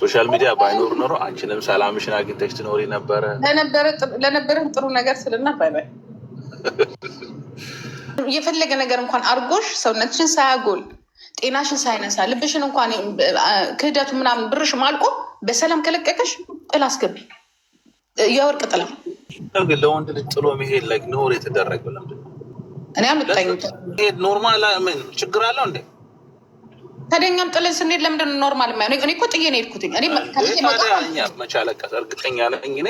ሶሻል ሚዲያ ባይኖር ኖሮ አንቺንም ሰላምሽን አግኝተሽ ትኖሪ ነበረ። ለነበረን ጥሩ ነገር ስልና ባይ ባይ የፈለገ ነገር እንኳን አርጎሽ ሰውነትሽን ሳያጎል ጤናሽን ሳይነሳ ልብሽን እንኳን ክህደቱ ምናምን ብርሽ ማልቆ በሰላም ከለቀቀሽ ጥላ አስገቢ፣ የወርቅ ጥላ። ግን ለወንድ ልጅ ጥሎ መሄድ ላይ ኖር የተደረገ ለምድ እኔ እኔ ኖርማል ችግር አለው እንዴ? ታዲያ እኛም ጥለን ስንሄድ ለምንድን ነው ኖርማል የማይሆን? እኔ እኮ ጥዬ ነው የሄድኩት። መቻለቀስ እርግጠኛ ነኝ እኔ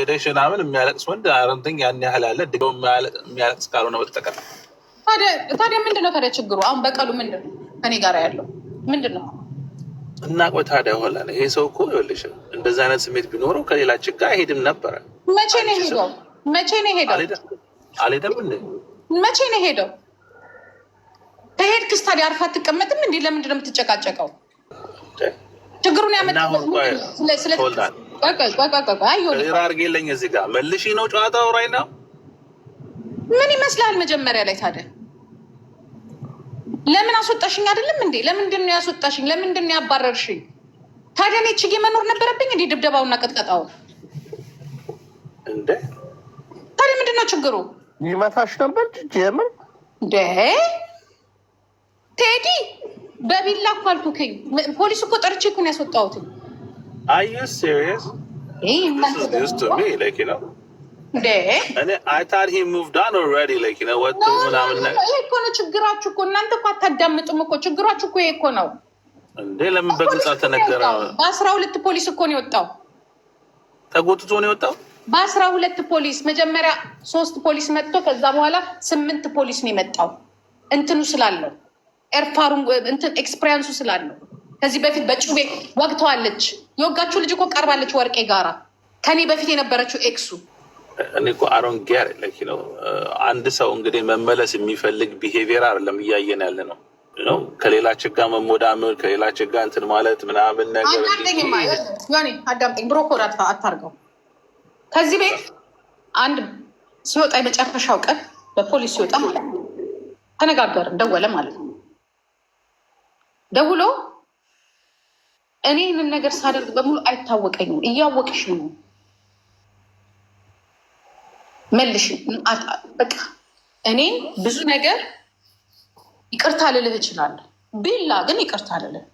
ሄደሽ ምናምን የሚያለቅስ ወንድ አረንተኝ ያን ያህል አለ ድ የሚያለቅስ ካልሆነ በተጠቀም ታዲያ ምንድን ነው ታዲያ ችግሩ? አሁን በቀሉ ምንድን ነው ከኔ ጋር ያለው ምንድን ነው? እና ቆይ ታዲያ ሆላ ይሄ ሰው እኮ ይኸውልሽ፣ እንደዚ አይነት ስሜት ቢኖረው ከሌላ ችግር አይሄድም ነበረ። መቼ ነው ሄደው? መቼ ነው ሄደው? አልሄደም። መቼ ነው ሄደው? ከሄድክ ታዲያ አርፋ ትቀመጥም እንዲ ለምንድነው ነው የምትጨቃጨቀው? ችግሩን ያመጣስለስለራርጌለኝ እዚህ ጋር መልሽ ነው ጨዋታው ራይ ነው ምን ይመስላል? መጀመሪያ ላይ ታዲያ ለምን አስወጣሽኝ? አይደለም እንዴ? ለምንድን ነው ያስወጣሽኝ? ለምንድን ነው ያባረርሽኝ? ታዲያ እኔ ችጌ መኖር ነበረብኝ እንዴ? ድብደባውና ቀጥቀጣው እንዴ? ታዲያ ምንድን ነው ችግሩ? ይመታሽ ነበር ችጌ እንዴ? ቴዲ በቢላ እኮ አልኩህ። ፖሊስ እኮ ጠርቼ እኮ ነው ያስወጣሁት። ችግራችሁ እኮ እናንተ እኮ አታዳምጡም እኮ ችግራችሁ እኮ እኮ ነው እንዴ! ለምን በግልጽ አልተነገረ? በአስራ ሁለት ፖሊስ እኮ ነው የወጣው። ተጎትቶ ነው የወጣው በአስራ ሁለት ፖሊስ። መጀመሪያ ሶስት ፖሊስ መጥቶ ከዛ በኋላ ስምንት ፖሊስ ነው የመጣው እንትኑ ስላለው ኤርፓሩን እንትን ኤክስፔሪንሱ ስላለው ከዚህ በፊት በጩቤ ወግተዋለች። የወጋችሁ ልጅ እኮ ቀርባለች ወርቄ ጋራ ከኔ በፊት የነበረችው ኤክሱ። እኔ እኮ አሮን ጌር ነው። አንድ ሰው እንግዲህ መመለስ የሚፈልግ ቢሄቪየር አይደለም እያየን ያለ ነው ነው ከሌላ ችጋ መሞዳምር ከሌላ ችጋ እንትን ማለት ምናምን ነገር አዳምጠኝ፣ ብሮ አታርገው። ከዚህ ቤት አንድ ሲወጣ የመጨረሻው ቀን በፖሊስ ሲወጣ ማለት ነው ተነጋገርን፣ ደወለ ማለት ነው ደውሎ እኔ ይህንን ነገር ሳደርግ በሙሉ አይታወቀኝም። እያወቅሽ ነው መልሽ። በቃ እኔ ብዙ ነገር ይቅርታ ልልህ እችላለሁ። ቢላ ግን ይቅርታ ልልህ፣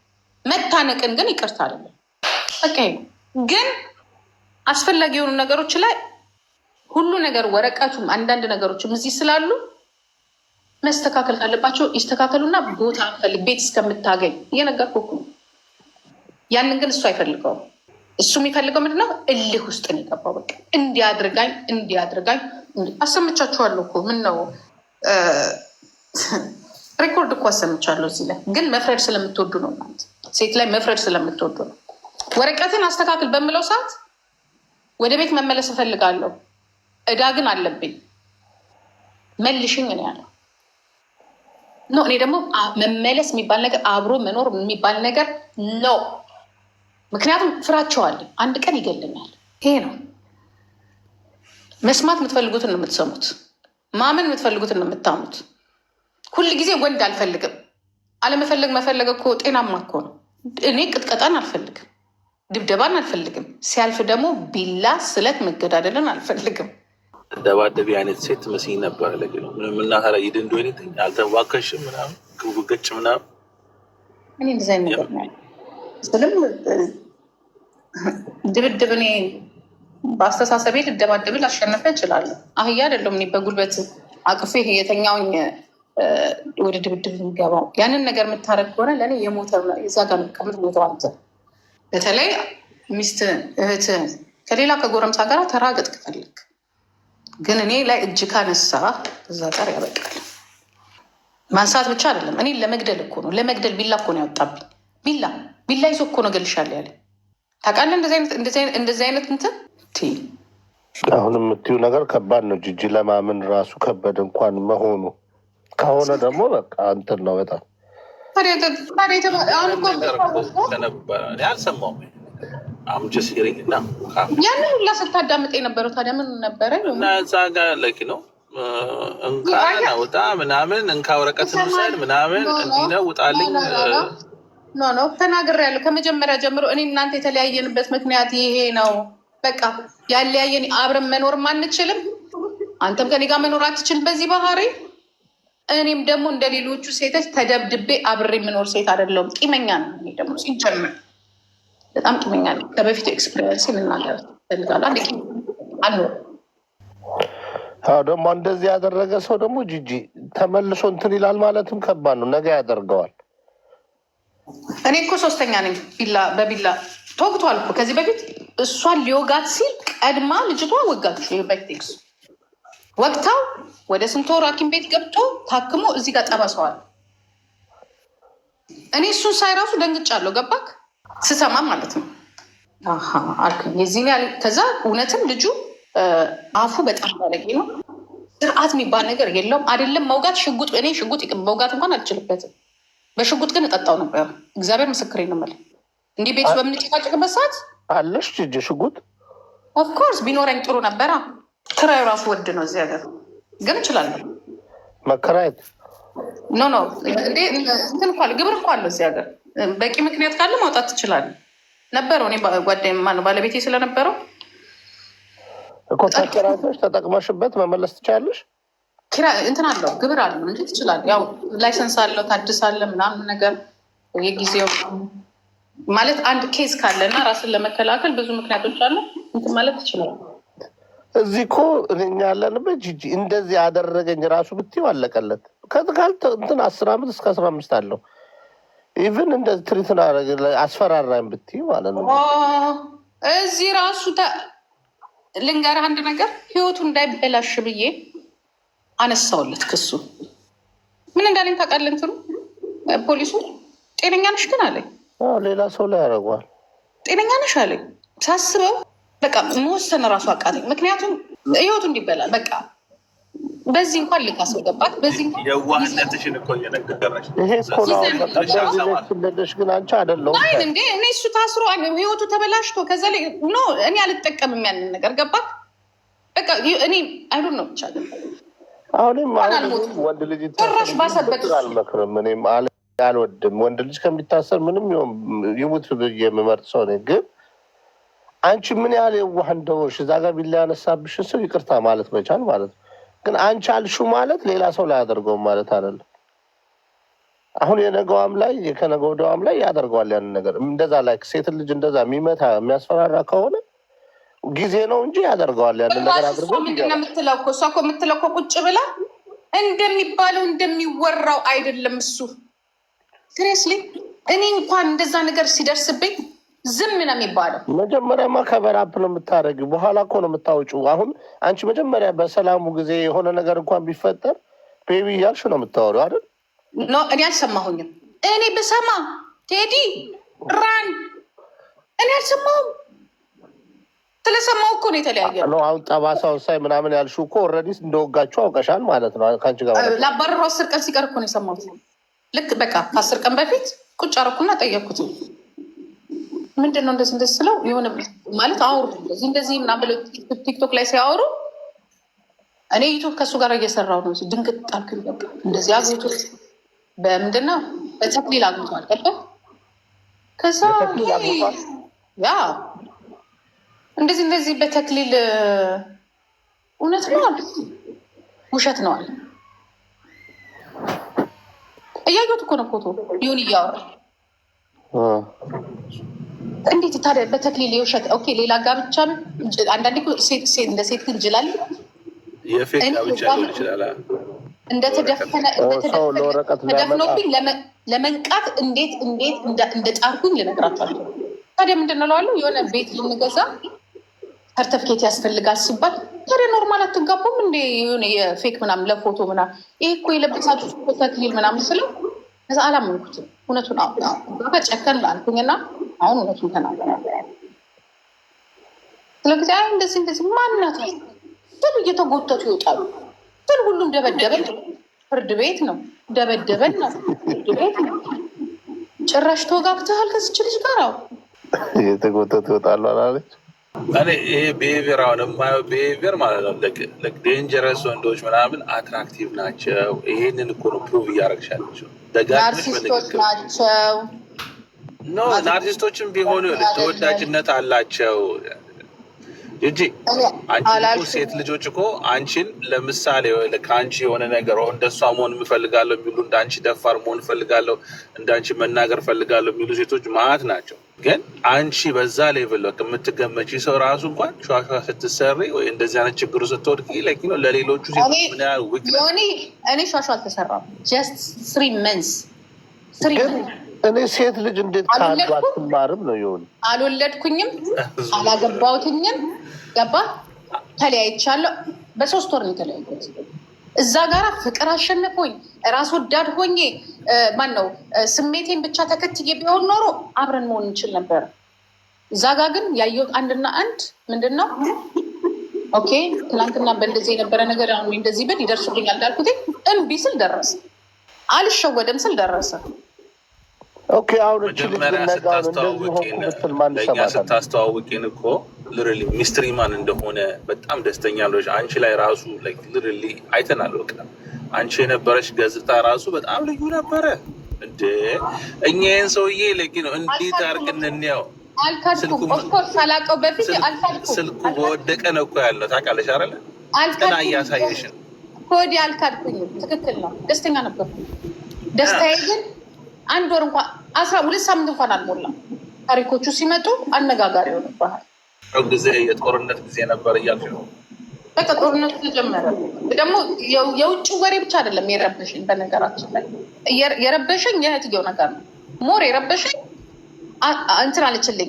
መታነቅን ግን ይቅርታ ልልህ። በቃ ግን አስፈላጊ የሆኑ ነገሮች ላይ ሁሉ ነገር ወረቀቱም አንዳንድ ነገሮችም እዚህ ስላሉ መስተካከል ካለባቸው ይስተካከሉና ቦታ አንፈልግ ቤት እስከምታገኝ እየነገርኩህ እኮ ያንን ግን እሱ አይፈልገውም። እሱ የሚፈልገው ምንድነው? እልህ ውስጥ ነው የገባው። በቃ እንዲያድርጋኝ እንዲያድርጋኝ አሰምቻችኋለሁ እኮ ምን ነው ሬኮርድ እኮ አሰምቻለሁ። እዚህ ላይ ግን መፍረድ ስለምትወዱ ነው ማለት ሴት ላይ መፍረድ ስለምትወዱ ነው። ወረቀትን አስተካክል በምለው ሰዓት ወደ ቤት መመለስ እፈልጋለሁ፣ እዳ ግን አለብኝ፣ መልሽኝ ነው ያለው። ነው እኔ ደግሞ መመለስ የሚባል ነገር አብሮ መኖር የሚባል ነገር ነው። ምክንያቱም ፍራቸዋል፣ አንድ ቀን ይገልናል። ይሄ ነው መስማት የምትፈልጉትን ነው የምትሰሙት፣ ማመን የምትፈልጉትን ነው የምታሙት። ሁል ጊዜ ወንድ አልፈልግም። አለመፈለግ መፈለግ እኮ ጤናማ እኮ ነው። እኔ ቅጥቀጣን አልፈልግም፣ ድብደባን አልፈልግም። ሲያልፍ ደግሞ ቢላ ስለት መገዳደልን አልፈልግም። እንደ አይነት ሴት መስኝ ነበር። ለግን ምንም እና ሀራ ይድን እንደሆነ አልተዋከሽም ምናምን ግቡገጭ ምናምን እኔ እንደዚያ ነገር ስልም ድብድብ እኔ በአስተሳሰቤ ልደባደብ ላሸነፈ ይችላል። አህያ አይደለም እኔ በጉልበት አቅፌ የተኛውኝ ወደ ድብድብ የሚገባው ያንን ነገር የምታረግ ከሆነ ለእኔ የሞተ እዛ ጋር የምትቀምጥ ሞተው አንተ በተለይ ሚስት እህት ከሌላ ከጎረምሳ ጋር ተራገጥ ከፈለግ ግን እኔ ላይ እጅ ካነሳ እዛ ጋር ያበቃል። ማንሳት ብቻ አይደለም፣ እኔ ለመግደል እኮ ነው ለመግደል ቢላ እኮ ነው ያወጣብኝ። ቢላ ቢላ ይዞ እኮ ነው እገልሻለሁ ያለ ታውቃለህ። እንደዚህ አይነት እንትን አሁን የምትዩ ነገር ከባድ ነው። ጅጅ ለማመን ራሱ ከበድ እንኳን መሆኑ ከሆነ ደግሞ በቃ እንትን ነው በጣም አልሰማሁም አምጀስ ሄሪንግ እና ሁላ ስታዳምጥ የነበረው ታዲያ ምን ነበረ? እና እዛ ጋር ለኪ ነው እንካ ምናምን እንካ ወረቀት ምናምን እንዲህ ነው ውጣልኝ። ኖ ኖ ከመጀመሪያ ጀምሮ እኔ እናንተ የተለያየንበት ምክንያት ይሄ ነው። በቃ ያለያየን አብረን መኖር አንችልም። አንተም ከኔ ጋር መኖር አትችልም በዚህ ባህሪ። እኔም ደግሞ እንደ ሌሎቹ ሴቶች ተደብድቤ አብሬ የምኖር ሴት አይደለሁም። ቂመኛ ነው ደግሞ ሲጀምር በጣም ጥሙኛ ነው። ከበፊቱ ኤክስፔሪንስ ልናገር ፈልጋለሁ። አንድ አሉ ደግሞ እንደዚህ ያደረገ ሰው ደግሞ ጂጂ ተመልሶ እንትን ይላል ማለትም ከባድ ነው። ነገ ያደርገዋል። እኔ እኮ ሶስተኛ ነኝ። ቢላ በቢላ ተወግቷል እኮ ከዚህ በፊት እሷን ሊወጋት ሲል ቀድማ ልጅቷ ወጋት። በፊት ወቅታው ወደ ስንት ወር ሐኪም ቤት ገብቶ ታክሞ እዚህ ጋር ጠባሰዋል። እኔ እሱን ሳይራሱ ደንግጫለሁ። ገባክ ስሰማ ማለት ነው የዚህ ከዛ እውነትም ልጁ አፉ በጣም ባለጌ ነው። ስርዓት የሚባል ነገር የለውም። አይደለም መውጋት ሽጉጥ እኔ ሽጉጥ መውጋት እንኳን አልችልበትም። በሽጉጥ ግን እጠጣው ነበር። እግዚአብሔር ምስክር ይንመል እንዲህ ቤት በምንጨቃጨቅበት ሰዓት አለሽ ጅ ሽጉጥ ኦፍኮርስ ቢኖረኝ ጥሩ ነበረ። ክራዩ ራሱ ወድ ነው እዚህ ሀገር ግን እችላለሁ መከራየት ኖ ኖ እንትን ግብር እኮ አለው እዚህ ሀገር በቂ ምክንያት ካለ ማውጣት ትችላለህ። ነበረው እኔ ጓደኛ ማነው ባለቤቴ ስለነበረው እኮ ታጭራለሽ፣ ተጠቅመሽበት መመለስ ትችላለሽ። እንትን አለው ግብር አለው እንጂ ትችላለህ። ያው ላይሰንስ አለው ታድሳለህ፣ ምናምን ነገር የጊዜው ማለት አንድ ኬዝ ካለ እና ራስን ለመከላከል ብዙ ምክንያቶች አሉ እንትን ማለት ትችላለህ። እዚህ እኮ እኛ ያለንበት ጂጂ እንደዚህ ያደረገኝ ራሱ ብትይው አለቀለት። ከዚህ ጋር እንትን አስር አመት እስከ አስራ አምስት አለው ኢቨን እንደ ትሪትን አስፈራራኝ ብትይ ማለት ነው። እዚህ ራሱ ልንገርህ አንድ ነገር ህይወቱ እንዳይበላሽ ብዬ አነሳውለት ክሱ ምን እንዳለኝ ታውቃለህ? እንትኑ ፖሊሱ ጤነኛ ነሽ ግን አለኝ። ሌላ ሰው ላይ ያደርገዋል። ጤነኛ ነሽ አለኝ። ሳስበው በቃ መወሰን ራሱ አቃተኝ። ምክንያቱም ህይወቱ እንዲበላል በቃ በዚህ እንኳን ልታስገባት በዚህ እንኳን እኮ እየነገረሽ እንዴ እኔ እሱ ታስሮ ህይወቱ ተበላሽቶ ከዛ ላይ ኖ እኔ አልጠቀምም ያንን ነገር ገባት በቃ እኔ አይዶ ነው ብቻ አልወድም ወንድ ልጅ ከሚታሰር ምንም ይሙት ብዬ የምመርጥ ሰው ነኝ ግን አንቺ ምን ያህል የዋህ እንደሆንሽ እዛ ጋር ቢላ ያነሳብሽን ሰው ይቅርታ ማለት መቻል ማለት ነው ግን አንቺ አልሹ ማለት ሌላ ሰው ላይ አደርገውም ማለት አይደለም። አሁን የነገዋም ላይ ከነገ ወዲያዋም ላይ ያደርገዋል ያንን ነገር እንደዛ ላይ ሴት ልጅ እንደዛ የሚመታ የሚያስፈራራ ከሆነ ጊዜ ነው እንጂ ያደርገዋል ያንን ነገር አድርጎ ምንድነው የምትለው እኮ እሷ እኮ የምትለው እኮ ቁጭ ብላ እንደሚባለው እንደሚወራው አይደለም እሱ ትሬስሊ እኔ እንኳን እንደዛ ነገር ሲደርስብኝ ዝም ነው የሚባለው። መጀመሪያማ ከበር አፕ ነው የምታደረግ፣ በኋላ እኮ ነው የምታወጪው። አሁን አንቺ መጀመሪያ በሰላሙ ጊዜ የሆነ ነገር እንኳን ቢፈጠር ቤቢ እያልሽ ነው የምታወሪው አይደል? እኔ አልሰማሁኝም። እኔ ብሰማ ቴዲ ራን እኔ አልሰማሁም። ስለሰማው እኮ ነው የተለያየ ነው። አሁን ጠባሳ ሳይ ምናምን ያልሽው እኮ ኦልሬዲ እንደወጋችሁ አውቀሻል ማለት ነው። ከአንቺ ጋር ላባረሩ አስር ቀን ሲቀር እኮ ነው የሰማሁት። ልክ በቃ ከአስር ቀን በፊት ቁጭ አደረኩና ጠየኩት። ምንድን ነው እንደዚህ እንደዚህ ስለው የሆነ ማለት አውሩ እንደዚህ እንደዚህ ምናምን ብለው ቲክቶክ ላይ ሲያወሩ እኔ ዩቱብ ከእሱ ጋር እየሰራው ነው። ድንቅጥ ጣልክ እንደዚህ አግኝቶ በምንድን ነው በተክሊል አግኝቷል። ቀጠ ከዛ ያ እንደዚህ እንደዚህ በተክሊል እውነት ነው ውሸት ነዋል። እያየሁት እኮ ነው ፎቶ ይሁን እያወራ እንዴት ታዲያ በተክሊል የውሸት ኦኬ፣ ሌላ ጋብቻ አንዳንዴ እንደ ሴት ግን ጅላል ይችላል። እንደተደፈነ ለመንቃት እንዴት እንዴት እንደ ጣርኩኝ ልነግራቸዋለሁ። ታዲያ ምንድን እለዋለሁ? የሆነ ቤት ልንገዛ ሰርተፍኬት ያስፈልጋል ሲባል ታዲያ ኖርማል አትጋቡም እንደ የሆነ የፌክ ምናምን ለፎቶ ምናምን ይህ እኮ የለበሳችሁ ተክሊል ምናምን ስለው ከዛ አላመንኩትም። እውነቱን ጨከን አልኩኝና አሁን እውነቱን ተናገራለ። ስለ ጊዜ አይ እንደዚህ እንደዚህ ማናት ስሉ እየተጎተቱ ይወጣሉ። ስል ሁሉም ደበደበን፣ ፍርድ ቤት ነው ደበደበን፣ ነው ፍርድ ቤት ነው ጭራሽ ተወጋግተሃል ከዚች ልጅ ጋር አሁ እየተጎተቱ ይወጣሉ አላለች። እኔ ይሄ ብሄቪየር አሁን የማየው ብሄቪየር ማለት ነው ዴንጀረስ ወንዶች ምናምን አትራክቲቭ ናቸው። ይሄንን እኮ ነው ፕሩቭ እያደረግሻለችው ናርሲስቶች ናቸው። ኖ ለአርቲስቶችም ቢሆኑ ተወዳጅነት አላቸው እንጂ አንቺ ሴት ልጆች እኮ አንቺን ለምሳሌ ከአንቺ የሆነ ነገር እንደሷ መሆን እፈልጋለሁ የሚሉ እንደ አንቺ ደፋር መሆን እፈልጋለሁ፣ እንደ አንቺ መናገር እፈልጋለሁ የሚሉ ሴቶች ማዕት ናቸው። ግን አንቺ በዛ ሌቭል የምትገመች ሰው ራሱ እንኳን ሸዋሸዋ ስትሰሪ ወይ እንደዚህ አይነት ችግሩ ስትወድቅ ለኪ ነው ለሌሎቹ ሴቶች ምን ያህል እኔ ሸዋሸዋ አልተሰራም ጀስት ስሪ መንስ ስሪ እኔ ሴት ልጅ እንዴት ከአንዱ አትማርም ነው የሆኑ አልወለድኩኝም፣ አላገባሁትኝም። ገባ ተለያይቻለሁ። በሶስት ወር ነው የተለያዩት። እዛ ጋር ፍቅር አሸንፎኝ ራስ ወዳድ ሆኜ ማን ነው ስሜቴን ብቻ ተከትዬ ቢሆን ኖሮ አብረን መሆን እንችል ነበር። እዛ ጋር ግን ያየሁት አንድና አንድ ምንድን ነው ኦኬ፣ ትናንትና በእንደዚህ የነበረ ነገር ሁ እንደዚህ ብል ይደርሱልኛል እንዳልኩት እምቢ ስል ደረሰ፣ አልሸወደም ስል ደረሰ። ኦኬ አሁን መጀመሪያ ስታስተዋውቂን እኮ ሚስትሪ ማን እንደሆነ በጣም ደስተኛ ለች። አንቺ ላይ ራሱ ልርሊ አይተናል። በቃ አንቺ የነበረች ገጽታ ራሱ በጣም ልዩ ነበረ። እንደ እኛ ይህን ሰውዬ ነው እንዴት አድርገን ስልኩ በወደቀ ነው እኮ ያለው ታውቃለሽ አይደለ? ጥና አልካድኩኝም። ትክክል ነው። ደስተኛ ነበርኩ። ደስታዬ ግን አንድ ወር እንኳ አስራ ሁለት ሳምንት እንኳን አልሞላም። ታሪኮቹ ሲመጡ አነጋጋሪ ሆንባሃል። ጊዜ የጦርነት ጊዜ ነበር እያልሽ ነው። በቃ ጦርነቱ ተጀመረ። ደግሞ የውጭ ወሬ ብቻ አይደለም የረበሽኝ። በነገራችን ላይ የረበሸኝ የእህትየው ነገር ነው። ሞር የረበሸኝ እንትን አለችልኝ፣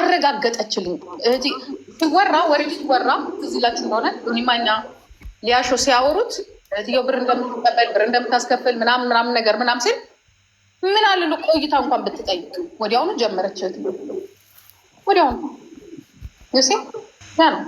አረጋገጠችልኝ። እህቴ ሲወራ ወሬ ሲወራ ትዝ ይላችሁ እንደሆነ ኒማኛ ሊያሾ ሲያወሩት እህትየው ብር እንደምትቀበል ብር እንደምታስከፍል ምናምን ምናምን ነገር ምናምን ሲል ምን አለ ቆይታ እንኳን ብትጠይቅ ወዲያውኑ ጀመረች። ወዲያውኑ ሴ ነው